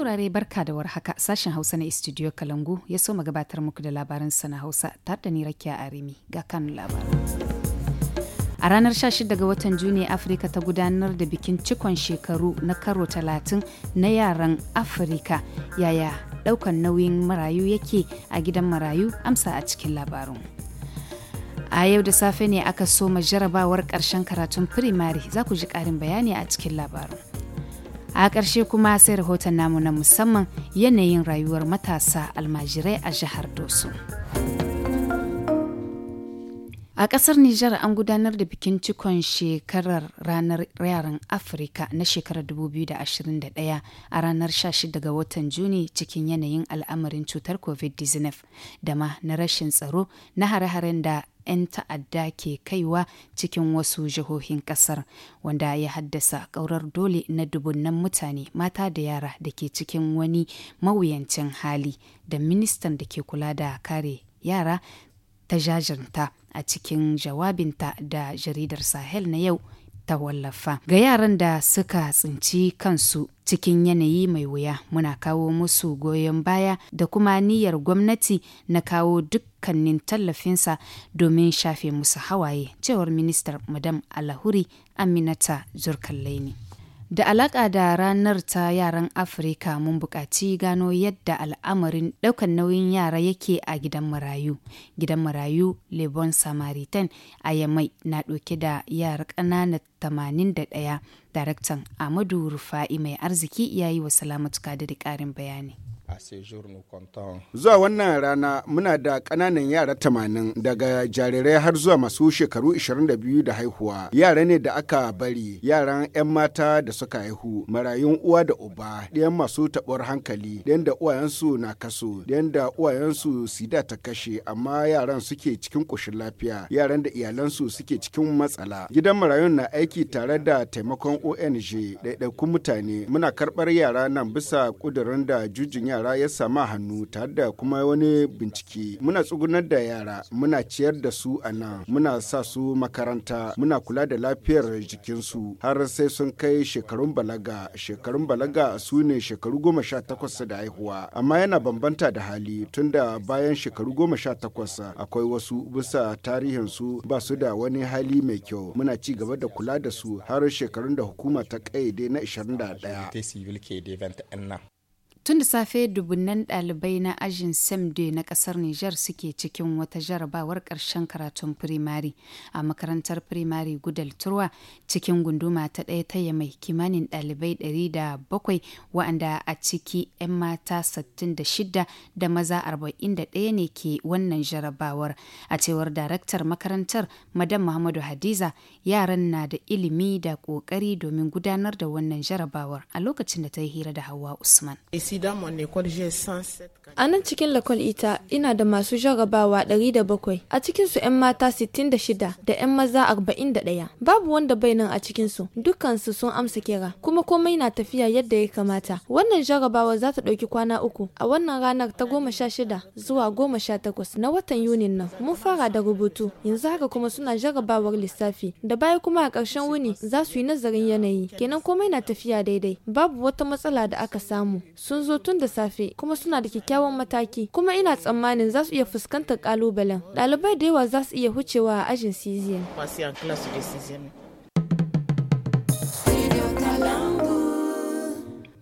saurare barka da warhaka sashen Hausa na Studio Kalangu ya so gabatar muku da labarin sana Hausa tare da ni Rakiya Arimi ga kan labarin. A ranar 16 ga watan Juni Afirka ta gudanar da bikin cikon shekaru na karo 30 na yaran Afirka. Yaya daukan nauyin marayu yake a gidan marayu amsa a cikin labarin. A yau da safe ne aka soma jarabawar karshen karatun firimari za ku ji ƙarin bayani a cikin labarin. a ƙarshe kuma sai rahoton namu na musamman yanayin rayuwar matasa almajirai a jihar doso a ƙasar nijar an gudanar da bikin cikon shekarar ranar yaran afirka na shekarar 2021 a ranar 16 ga watan juni cikin yanayin al'amarin cutar covid-19 da ma na rashin tsaro na hare-haren da 'yan ta'adda ke kaiwa cikin wasu jihohin kasar wanda ya haddasa kaurar dole na dubunnan mutane mata da yara da ke cikin wani mawuyancin hali da ministan da ke kula da kare yara ta jajanta a cikin jawabinta da jaridar sahel na yau ta wallafa ga yaran da suka tsinci kansu cikin yanayi mai wuya muna kawo musu goyon baya da kuma niyyar gwamnati na kawo dukkanin tallafinsa domin shafe musu hawaye cewar ministar madam alahuri aminata zurkallaini. Da alaƙa da ranar ta yaran Afirka mun buƙaci gano yadda al'amarin ɗaukar nauyin yara yake a gidan marayu. Gidan marayu Lebon Samaritan a Yamai na ɗauke da yara ƙanana 81. Daraktan Amadu Rufa'i mai arziki ya yi wa salamatuka da ƙarin bayani. Zuwa wannan rana muna da ƙananan yara tamanin daga jarirai har zuwa masu shekaru 22 da haihuwa. Yara ne da aka bari, yaran 'yan mata da suka haihu, marayun uwa da uba, ɗayan masu taɓar hankali, ɗayan da uwayensu na kaso, ɗayan da uwayensu sida ta kashe, amma yaran suke cikin ƙoshin lafiya, yaran da iyalansu suke cikin matsala. Gidan marayun na aiki tare da taimakon ONG, ɗaiɗaikun mutane, muna karɓar yara nan bisa ƙudurin da jujjun yara yara ya sama hannu tare da kuma wani bincike muna tsugunar da yara muna ciyar da su a nan muna sa su makaranta muna kula da lafiyar jikinsu har sai sun kai shekarun balaga shekarun balaga su ne shekaru goma sha takwas da haihuwa amma yana bambanta da hali tunda bayan shekaru goma sha takwas akwai wasu bisa tarihinsu ba su da wani hali mai kyau muna ci gaba da kula da su har shekarun da hukuma ta kaide na 21. Tun da safe dubunnan ɗalibai na ajin Semde na ƙasar Nijar suke cikin wata jarabawar ƙarshen karatun firimari a makarantar firimari Gudal Turwa cikin gunduma ta ɗaya ta mai kimanin ɗalibai ɗari da bakwai wa'anda a ciki 'yan mata 66 da shida da maza arba'in da ɗaya ne ke wannan jarabawar. A cewar daraktar makarantar Madam Muhammadu Hadiza yaran na da ilimi da ƙoƙari domin gudanar da wannan jarabawar a lokacin da ta yi hira da Hauwa Usman. A nan cikin lakwal ita ina da masu jarabawa bakwai a cikinsu 'yan mata sittin da shida da 'yan maza arba'in da 41. Babu wanda bai nan a cikinsu dukansu sun amsa kira kuma komai na tafiya yadda ya kamata. Wannan jarabawa za ta ɗauki kwana uku a wannan ranar ta goma sha shida zuwa goma sha takwas na watan Yunin nan. Mun fara da rubutu yanzu haka kuma suna jarabawar lissafi da baya kuma a ƙarshen wuni za su yi nazarin yanayi kenan komai na tafiya daidai babu wata matsala da aka samu sun sun zo tun da safe kuma suna da kyakkyawan mataki kuma ina tsammanin za su iya fuskantar kalubalen ɗalibai da yawa za su iya hucewa a ajin siziyan.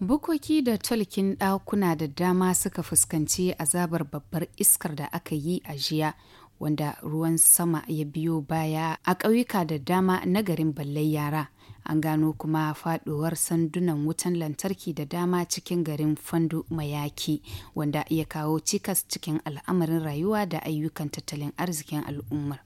Bukoki da tolkin ɗakuna da dama suka fuskanci azabar babbar iskar da aka yi a jiya wanda ruwan sama ya biyo baya a ƙauyuka da dama na garin ballai yara an gano kuma faduwar sandunan wutan lantarki da dama cikin garin fandu mayaki wanda ya kawo cikas cikin al'amarin rayuwa da ayyukan tattalin arzikin al'ummar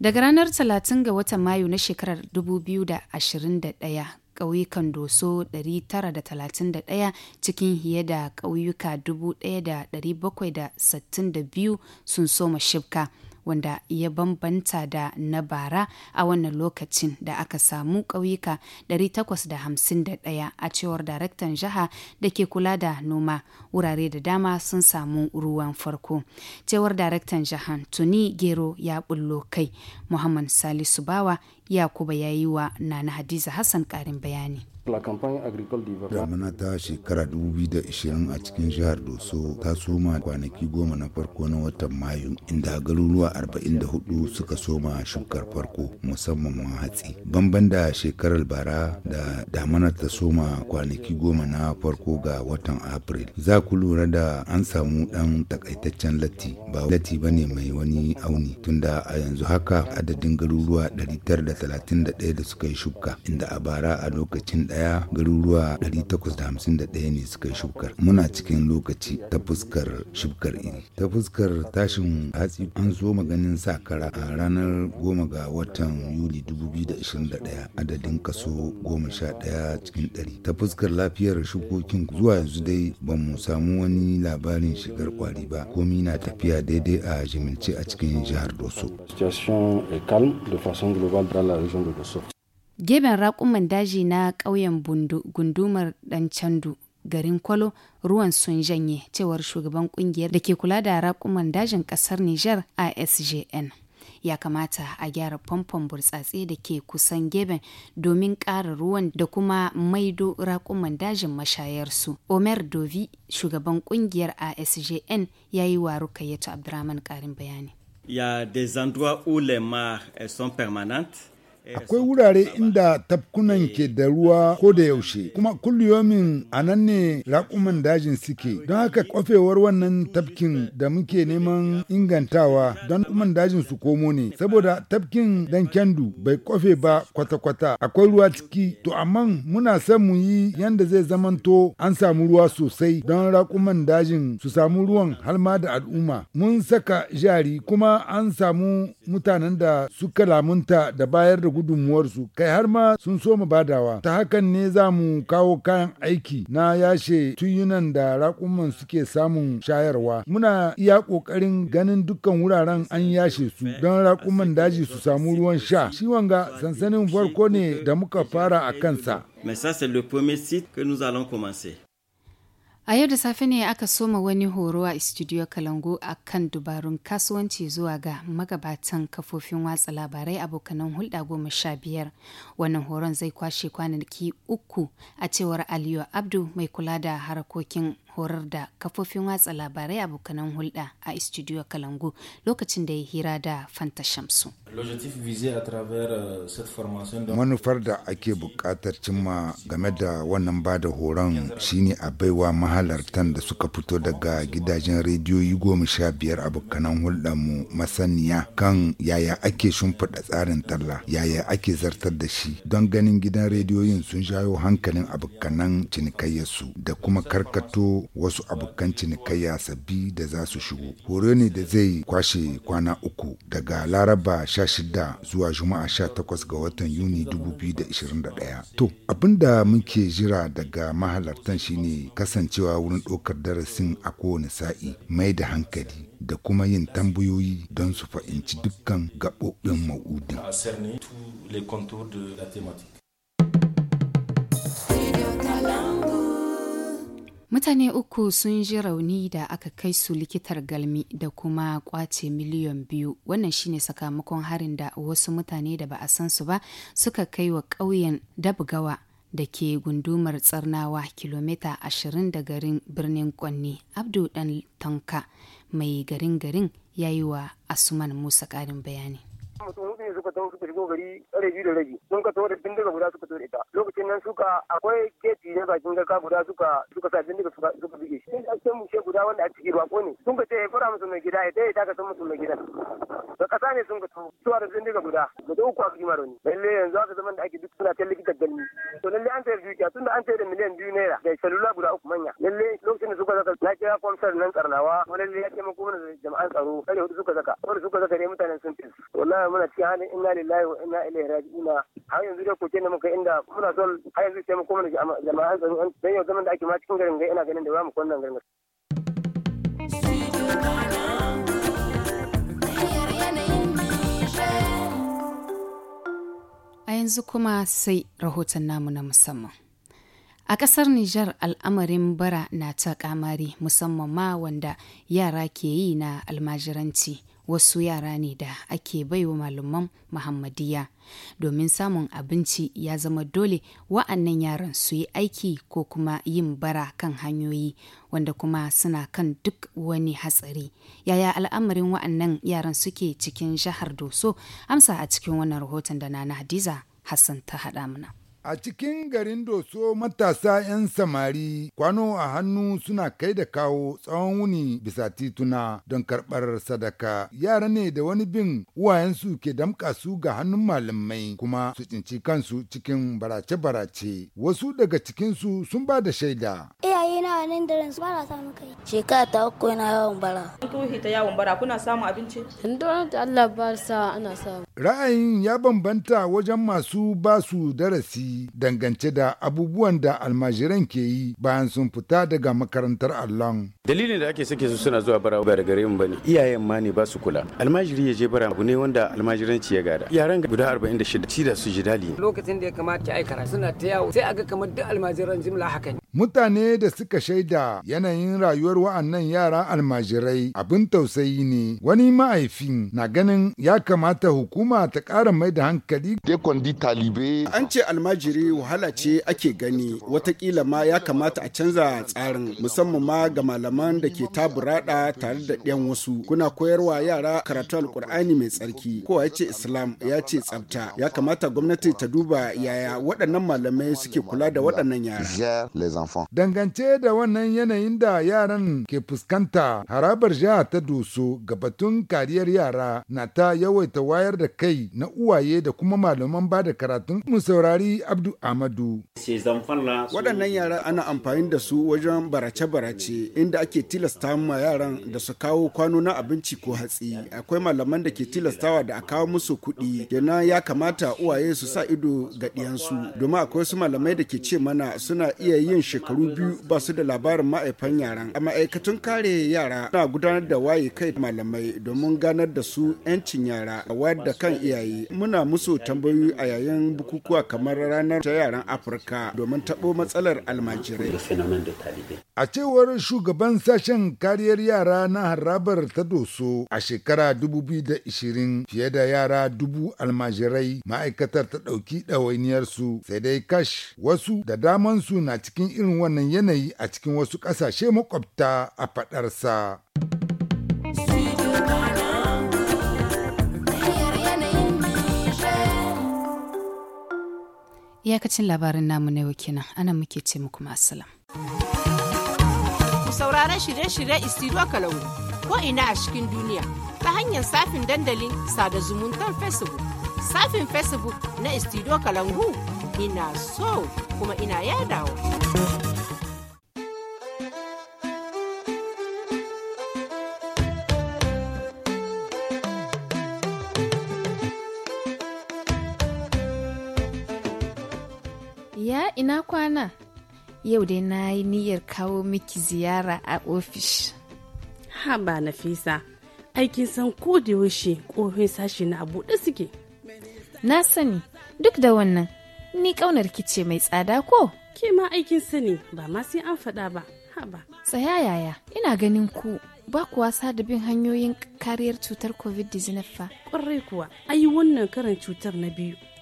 daga ranar 30 ga watan mayu na shekarar 2021 ƙauyukan doso 931 cikin fiye da ƙauyuka 1762 sun soma shibka wanda ya bambanta da na bara a wannan lokacin da aka samu ƙauyuka 851 a cewar daraktan jiha da ke kula da noma wurare da dama sun samu ruwan farko cewar daraktan jihar tuni gero ya bullo kai muhammad salisu bawa Yakuba ya yi wa Nana Hadiza Hassan karin bayani. damina ta shekara 2020 a cikin jihar doso ta soma kwanaki goma na farko na watan mayu inda garuruwa 44 suka soma shukar farko musamman ma hatsi banban da shekarar bara da damana ta soma kwanaki goma na farko ga watan april za ku lura da an samu dan takaitaccen latti ba latti ba ne mai wani auni tunda a yanzu haka adadin garuruwa 31 da suka yi shukka inda a bara a lokacin daya garuruwa 851 ne suka yi shukkar muna cikin lokaci ta fuskar shukkar iri ta fuskar tashin hatsi an zo maganin sa a ranar 10 ga watan yuli 2021 adadin kaso 11 cikin 100 ta fuskar lafiyar shukokin zuwa yanzu dai ba mu samu wani labarin shigar kwari ba komi na tafiya daidai a jimilce a cikin jihar doso situation est calme de façon globale la région da su. Geben raƙuman daji na ƙauyen gundumar ɗan chandu garin Kwalo ruwan sun janye cewar shugaban ƙungiyar da ke kula da raƙuman dajin ƙasar Nijar ASJN. Ya kamata a gyara famfon burtsatse da ke kusan geben domin ƙara ruwan da kuma maido raƙuman dajin mashayarsu. Omer Dovi, shugaban ƙungiyar asgn ya yi wa Rukayyatu Abdurrahman ƙarin bayani. Il y a des endroits où les mares sont permanentes. akwai wurare inda tafkunan ke da ruwa ko da yaushe kuma kulliyomin a nan ne raƙuman dajin suke don haka kwafewar wannan tafkin da muke neman ingantawa don raƙuman dajin su komo ne saboda tafkin dan kyandu bai kwafe ba kwata-kwata akwai ruwa ciki to amma muna son mu yi yanda zai zamanto an samu ruwa sosai don raƙuman dajin su samu ruwan har da al'umma mun saka jari kuma an samu mutanen da suka lamunta da bayar da gudunmuwarsu kai har ma sun so mu badawa ta hakan ne za mu kawo kayan aiki na yashe tuyunan da raƙuman suke samun shayarwa muna iya ƙoƙarin ganin dukkan wuraren an yashe su don raƙuman daji su samu ruwan sha shi wanga sansanin farko ne da muka fara a kansa Mais ça, c'est le premier site que nous allons A yau da safe ne aka soma wani horo a Studio Kalangu a kan dubarun kasuwanci zuwa ga magabatan kafofin watsa labarai abokanan hulɗa goma sha biyar. Wannan horon zai kwashe kwanaki uku a cewar Aliyu Abdu mai kula da harkokin horar da kafofin watsa labarai abokanan hulɗa a istudiyo kalangu lokacin da ya hira da fanta shamsu euh, manufar da ake buƙatar cimma game da wannan ba da horon shine a baiwa mahalartan da suka fito daga gidajen rediyoyi goma sha biyar abokanan hulɗarmu masaniya kan yaya ake shimfiɗa tsarin talla yaya ake zartar da shi don ganin gidan rediyoyin sun jayo hankalin abokanan cinikayyarsu da kuma karkato wasu abokan cinikayya sabbi da za su shigo. Horo ne da zai kwashe kwana uku daga Laraba 16 zuwa Juma'a 18 ga watan Yuni 2021. To, abin da muke jira daga mahalartan shine kasancewa wurin ɗaukar darasin a kowane sa'i mai da hankali da kuma yin tambayoyi don su fahimci dukkan gaɓoɓin ma'udin. les Mutane uku sun ji rauni da aka kai su likitar galmi da kuma kwace miliyan biyu. Wannan shine sakamakon harin da wasu mutane da ba a san su ba suka kai wa ƙauyen Dabgawa da ke gundumar tsarnawa kilomita ashirin da garin birnin Kwanni. Abdu Dan Tanka mai garin garin ya yi wa Asuman Musa ƙarin bayani. mutum hudu ne suka taho suka shigo gari tsare biyu da rabi sun ka taho da bindiga guda suka taho ta. lokacin nan suka akwai keji na bakin garka guda suka suka sa bindiga suka suka shi sai ake mushe guda wanda a ciki bako ne sun ka ce ya fara musu mai gida ya dai san musu mai gidan da kasa ne sun ka taho suwa da bindiga guda da uku a kima rauni lalle yanzu aka zaman da ake duk suna ta likita gani to lalle an sayar dukiya tunda an sayar da miliyan biyu naira da salula guda uku manya lalle lokacin da suka zaka na kira nan tsarnawa lalle ya taimako mana da jama'an tsaro kare hudu suka zaka wanda suka zaka ne wallahi muna cikin halin inna lillahi wa inna ilaihi raji'una har yanzu dai koke ne muka inda muna son har yanzu sai mu koma da jama'an tsaro dan yau zaman da ake ma cikin garin ga ina ganin da ba mu kwannan garin A yanzu kuma sai rahoton namu na musamman. A ƙasar Nijar al'amarin bara na ta ƙamari musamman ma wanda yara ke yi na almajiranci. wasu yara ne da ake baiwa malaman muhammadiya domin samun abinci ya zama dole wa'annan yaran su yi aiki ko kuma yin bara kan hanyoyi wanda kuma suna kan duk wani hatsari yaya al'amarin wa'annan yaran suke cikin jihar doso amsa a cikin wannan rahoton da na hadiza hassan ta haɗa mana A cikin garin Doso matasa 'yan samari kwano a hannu suna kai da kawo tsawon wuni bisa tituna don karɓar sadaka. Yara ne da wani bin uwayensu ke damƙa su ga hannun malamai kuma su cinci kansu cikin barace-barace. Wasu daga cikinsu sun ba da shaida. Eh, kai wani nan daren su bara samun kai shekara ta uku na yawon bara an tuhi ta yawon bara kuna samun abinci inda da Allah ba sa ana samu ra'ayin ya bambanta wajen masu ba su darasi dangance da abubuwan da almajiran ke yi bayan sun fita daga makarantar allon dalilin da ake sake su suna zuwa bara ba da gare mu bane iyayen ma ne ba su kula almajiri ya je bara abu ne wanda almajiranci ya gada yaran guda 46 ci da su jidali lokacin da ya kamata ya aikara suna ta yawo sai aga kamar duk almajiran jimla haka ne Mutane da suka shaida yanayin rayuwar wa'annan yara almajirai abin tausayi ne wani ma'aifin na ganin ya kamata hukuma ta ƙara mai da hankali. Dekondi talibai. An ce almajiri wahala ce ake gani watakila ma ya kamata a canza tsarin musamman ma ga malaman da ke taburada tare da yan wasu. Kuna koyarwa yara karatu alkur'ani mai tsarki kowa ya ce Islam ya ce tsabta ya kamata gwamnati ta duba yaya waɗannan malamai suke kula da waɗannan yara. enfants. Dangance da wannan yanayin da yaran ke fuskanta harabar jiha ta doso gabatun kariyar yara na ta yawaita wayar da kai na uwaye da kuma malaman ba da karatun mu saurari Abdu Ahmadu. Waɗannan yara ana amfani da su wajen barace-barace inda ake tilasta ma yaran da su kawo kwano na abinci ko hatsi. Akwai malaman da ke tilastawa da a kawo musu kuɗi. Kenan ya kamata uwaye su sa ido ga ɗiyansu. Domin akwai su malamai da ke ce mana suna iya yin shekaru biyu ba su da labarin ma'aifan yaran a ma'aikatun kare yara na gudanar da waye kai malamai domin ganar da su 'yancin yara a wayar da kan iyaye muna musu tambayoyi a yayin bukukuwa kamar ranar ta yaran afirka domin taɓo matsalar almajirai a cewar shugaban sashen kariyar yara na harabar ta doso a shekara 2020 fiye da yara dubu almajirai ma'aikatar ta ɗauki ɗawainiyarsu sai dai kash wasu da damansu na cikin irin wannan yanayi a cikin wasu ƙasashe makwabta a faɗarsa. Iyakacin labarin namu na kenan, anan muke ce muku asalam. sauraron shirye-shirye Istiduwa kalangu ko ina a cikin duniya ta hanyar safin dandalin sada zumuntar facebook safin facebook na Istiduwa kalangu ina so kuma ina yadawa Na kwana yau dai na yi niyyar kawo miki ziyara a ofis ha ba nafisa aikin san ko da yaushe kofin sashi na buɗe suke na sani duk da wannan ni ƙaunar ce mai tsada ko ke ma aikin sani ba ma sai an faɗa ba haba tsaya yaya ina ganin ku ba kuwa wasa da bin hanyoyin kariyar cutar covid-19 fa ƙwarai kuwa ayi wannan karin cutar na biyu